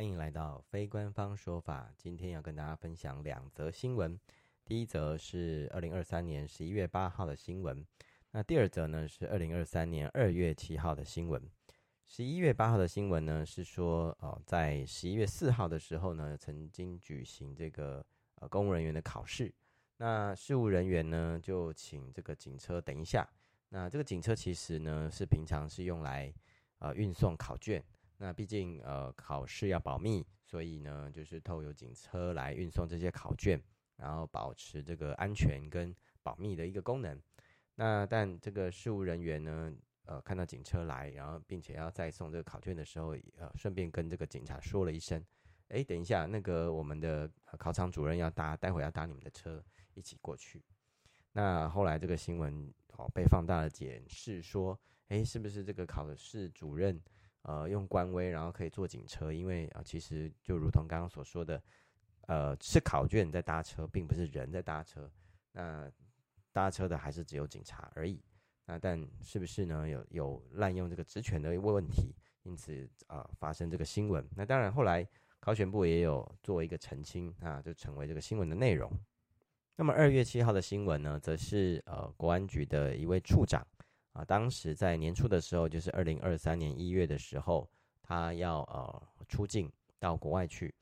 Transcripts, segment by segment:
歡迎來到非官方說法。今天要跟大家分享兩則新聞。第一則是二零二三年十一月八號的新聞。那第二則呢是二零二三年二月七號的新聞。十一月八號的新聞呢是說，哦，在十一月四號的時候呢，曾經舉行這個呃公務人員的考試。那試務人員呢就請這個警車等一下。那這個警車其實呢是平常是用來呃運送考卷。那畢竟，呃，考試要保密，所以呢，就是透過警車來運送這些考卷，然後保持這個安全跟保密的一個功能。那但這個事務人員呢，呃，看到警車來，然後並且要再送這個考卷的時候，呃，順便跟這個警察說了一聲：“哎，等一下，那個我們的考場主任要搭，待會要搭你們的車一起過去。”那後來這個新聞哦被放大了，解釋說：“哎，是不是這個考的試主任？”呃，用官威，然後可以坐警車，因為啊、呃，其實就如同剛剛所說的，呃，是考卷在搭車，並不是人在搭車，那搭車的還是只有警察而已。那但是不是呢？有有濫用這個職權的問題，因此啊、呃，發生這個新聞。那當然，後來考選部也有做一個澄清啊、呃，就成為這個新聞的內容。那麼二月七號的新聞呢，則是呃，國安局的一位處長。啊，當時在年初的時候，就是二零二三年一月的時候，他要呃出境到國外去。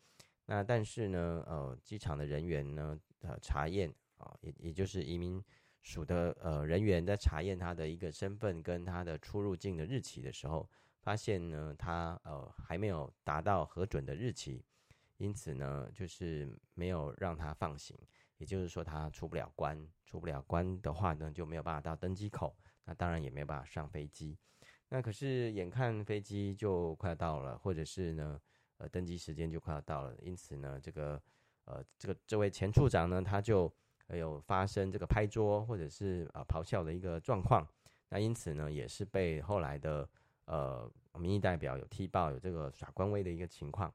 那但是呢，呃，機場的人員呢，呃，查驗啊、呃，也也就是移民署的呃人員在查驗他的一個身份跟他的出入境的日期的時候，發現呢，他呃還沒有達到核准的日期，因此呢，就是沒有讓他放行。也就是說，他出不了關，出不了關的話呢，就沒有辦法到登機口。那當然也沒有辦法上飛機，那可是眼看飛機就快到了，或者是呢，呃，登機時間就快要到了，因此呢，這個，呃，這個這位前處長呢，他就有發生這個拍桌或者是呃咆哮的一個狀況，那因此呢，也是被後來的呃民意代表有踢爆有這個耍官威的一個情況，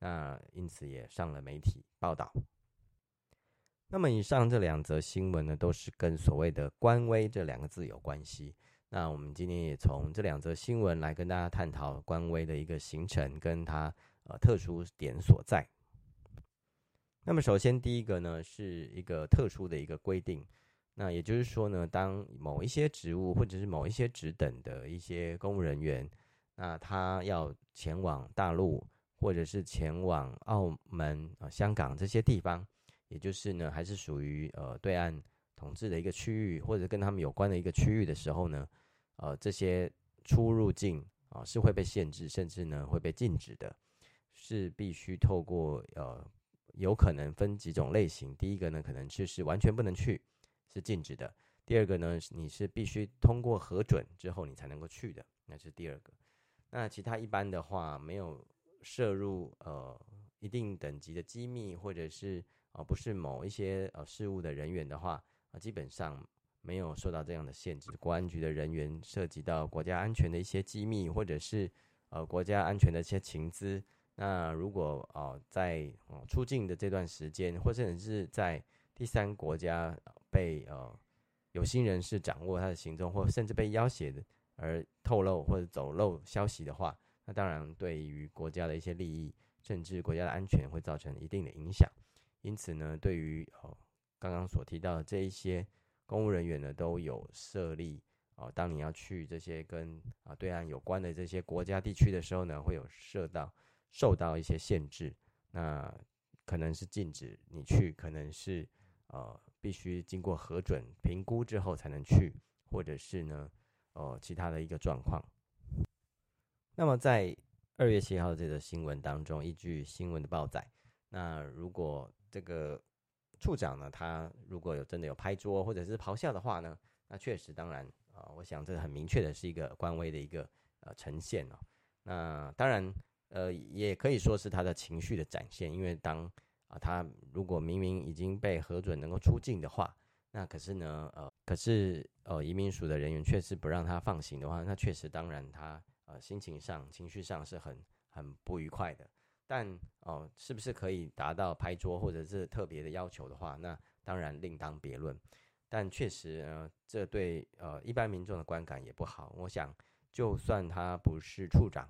那因此也上了媒體報道。那麼以上這兩則新聞呢，都是跟所謂的“官威”這兩個字有關係。那我們今天也從這兩則新聞來跟大家探討“官威”的一個形成跟它呃特殊點所在。那麼首先第一個呢，是一個特殊的一個規定。那也就是說呢，當某一些職務或者是某一些職等的一些公務人員，那他要前往大陸或者是前往澳門、呃、香港這些地方。也就是呢，還是屬於呃對岸統治的一個區域，或者跟他們有關的一個區域的時候呢，呃，這些出入境啊，呃，是會被限制，甚至呢會被禁止的，是必須透過呃，有可能分幾種類型，第一個呢可能就是完全不能去，是禁止的；第二個呢，你是必須通過核准之後你才能夠去的，那是第二個。那其他一般的話，沒有涉入呃一定等級的機密或者是。啊、哦，不是某一些呃事務的人員的話，啊、呃，基本上沒有受到這樣的限制。國安局的人員涉及到國家安全的一些機密，或者是呃國家安全的一些情資。那如果哦、呃、在、呃、出境的這段時間，或者是在第三國家被呃有心人士掌握他的行蹤，或甚至被要挾的而透露或者走漏消息的話，那當然對於國家的一些利益，甚至國家的安全會造成一定的影響。因此呢，對於哦剛剛所提到的這一些公務人員呢，都有設立哦。當你要去這些跟啊對岸有關的這些國家地區的時候呢，會有設到受到一些限制。那可能是禁止你去，可能是呃、哦、必須經過核准評估之後才能去，或者是呢呃、哦、其他的一個狀況。那麼在二月七號的這個新聞當中，依據新聞的報載，那如果這個處長呢，他如果有真的有拍桌或者是咆哮的話呢，那確實，當然啊、呃，我想這很明確的是一個官威的一個呃呈現哦。那當然，呃，也可以說是他的情緒的展現，因為當啊、呃、他如果明明已經被核准能夠出境的話，那可是呢，呃，可是呃移民署的人員確實不讓他放行的話，那確實，當然他呃心情上情緒上是很很不愉快的。但哦、呃，是不是可以達到拍桌或者是特別的要求的話，那當然另當別論。但確實，呢、呃，這對呃一般民眾的觀感也不好。我想，就算他不是處長，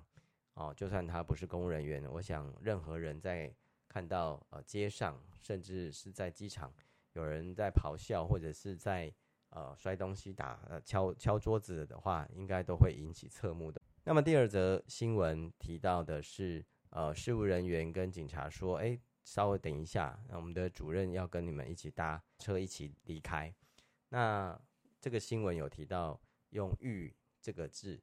哦、呃，就算他不是公務人員，我想，任何人在看到呃街上，甚至是在機場有人在咆哮，或者是在呃摔東西打呃敲敲桌子的話，應該都會引起側目的。那麼，第二則新聞提到的是。呃，事務人員跟警察說：“哎、欸，稍微等一下，那我們的主任要跟你們一起搭車，一起離開。那”那這個新聞有提到用“諭」這個字，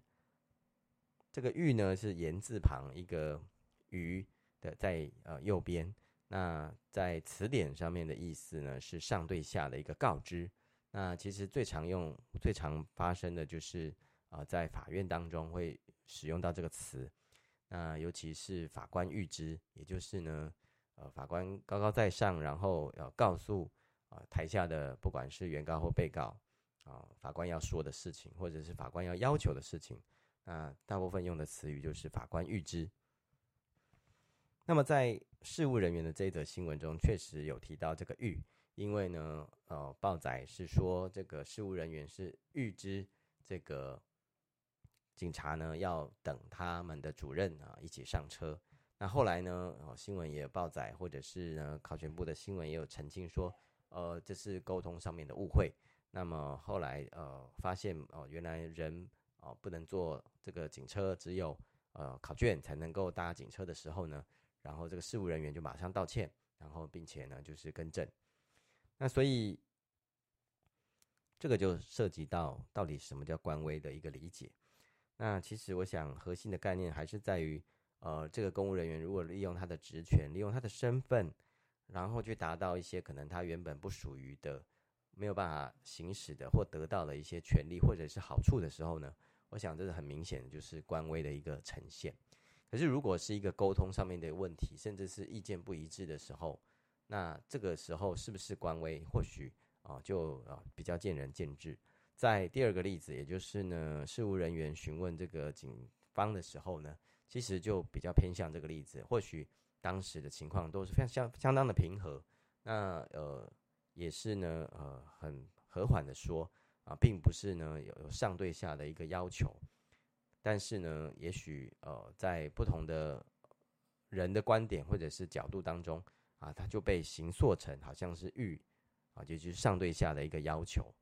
這個“諭」呢是言字旁一個“俞”的在呃右邊。那在詞典上面的意思呢是上對下的一個告知。那其實最常用、最常發生的，就是呃在法院當中會使用到這個詞。那尤其是法官諭知，也就是呢，呃，法官高高在上，然後要告訴啊、呃、台下的不管是原告或被告，啊、呃，法官要說的事情，或者是法官要要求的事情，那大部分用的詞語就是法官諭知。那麼在事務人員的這一則新聞中，確實有提到這個諭，因為呢，呃，報載是說這個事務人員是諭知這個。警察呢要等他們的主任啊、呃、一起上車。那後來呢，哦，新聞也有報載，或者是呢考卷部的新聞也有澄清說，呃，這是溝通上面的誤會。那麼後來呃發現哦、呃，原來人哦、呃、不能坐這個警車，只有呃考卷才能夠搭警車的時候呢，然後這個事務人員就馬上道歉，然後並且呢就是更正。那所以這個就涉及到到底什麼叫官威的一個理解。那其實我想，核心的概念還是在於，呃，這個公務人員如果利用他的職權，利用他的身份，然後去達到一些可能他原本不屬於的、沒有辦法行使的或得到的一些權利或者是好處的時候呢，我想這是很明顯的就是官威的一個呈現。可是如果是一個溝通上面的問題，甚至是意見不一致的時候，那這個時候是不是官威，或許啊、呃、就啊、呃、比較見仁見智。在第二個例子，也就是呢，事務人員詢問這個警方的時候呢，其實就比較偏向這個例子。或許當時的情況都是非常相相當的平和，那呃也是呢呃很和緩的說啊，並不是呢有，有上對下的一個要求。但是呢，也許呃在不同的人的觀點或者是角度當中啊，他就被形塑成好像是欲啊，就就是上對下的一個要求。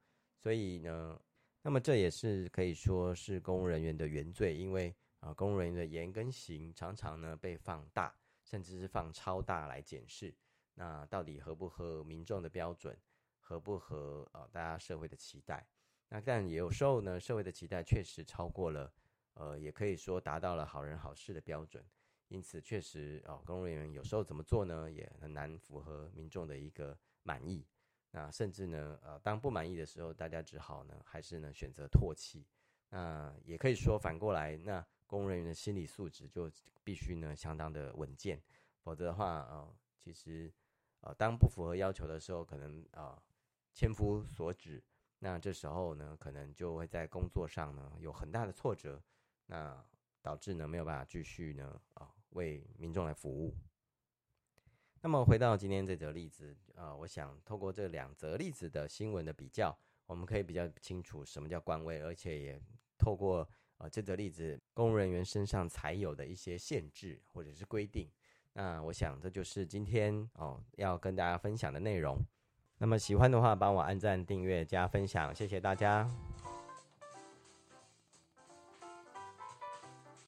所以呢，那麼這也是可以說是公務人員的原罪，因為啊、呃，公務人員的言跟行常常呢被放大，甚至是放超大來檢視，那到底合不合民眾的標準，合不合啊、呃、大家社會的期待？那但有時候呢，社會的期待確實超過了，呃，也可以說達到了好人好事的標準，因此確實啊、呃，公務人員有時候怎麼做呢，也很難符合民眾的一個滿意。那甚至呢，呃，當不滿意的時候，大家只好呢，還是呢選擇唾棄。那也可以說反過來，那公務人員的心理素質就必須呢相當的穩健，否則的話啊、呃，其實，呃，當不符合要求的時候，可能啊、呃、千夫所指。那這時候呢，可能就會在工作上呢有很大的挫折，那導致呢沒有辦法繼續呢啊、呃、為民眾來服務。那麼回到今天這則例子，呃，我想透過這兩則例子的新聞的比較，我們可以比較清楚什麼叫官威，而且也透過呃這則例子公務人員身上才有的一些限制或者是規定。那我想這就是今天哦要跟大家分享的內容。那麼喜歡的話，幫我按讚、訂閱、加分享，謝謝大家。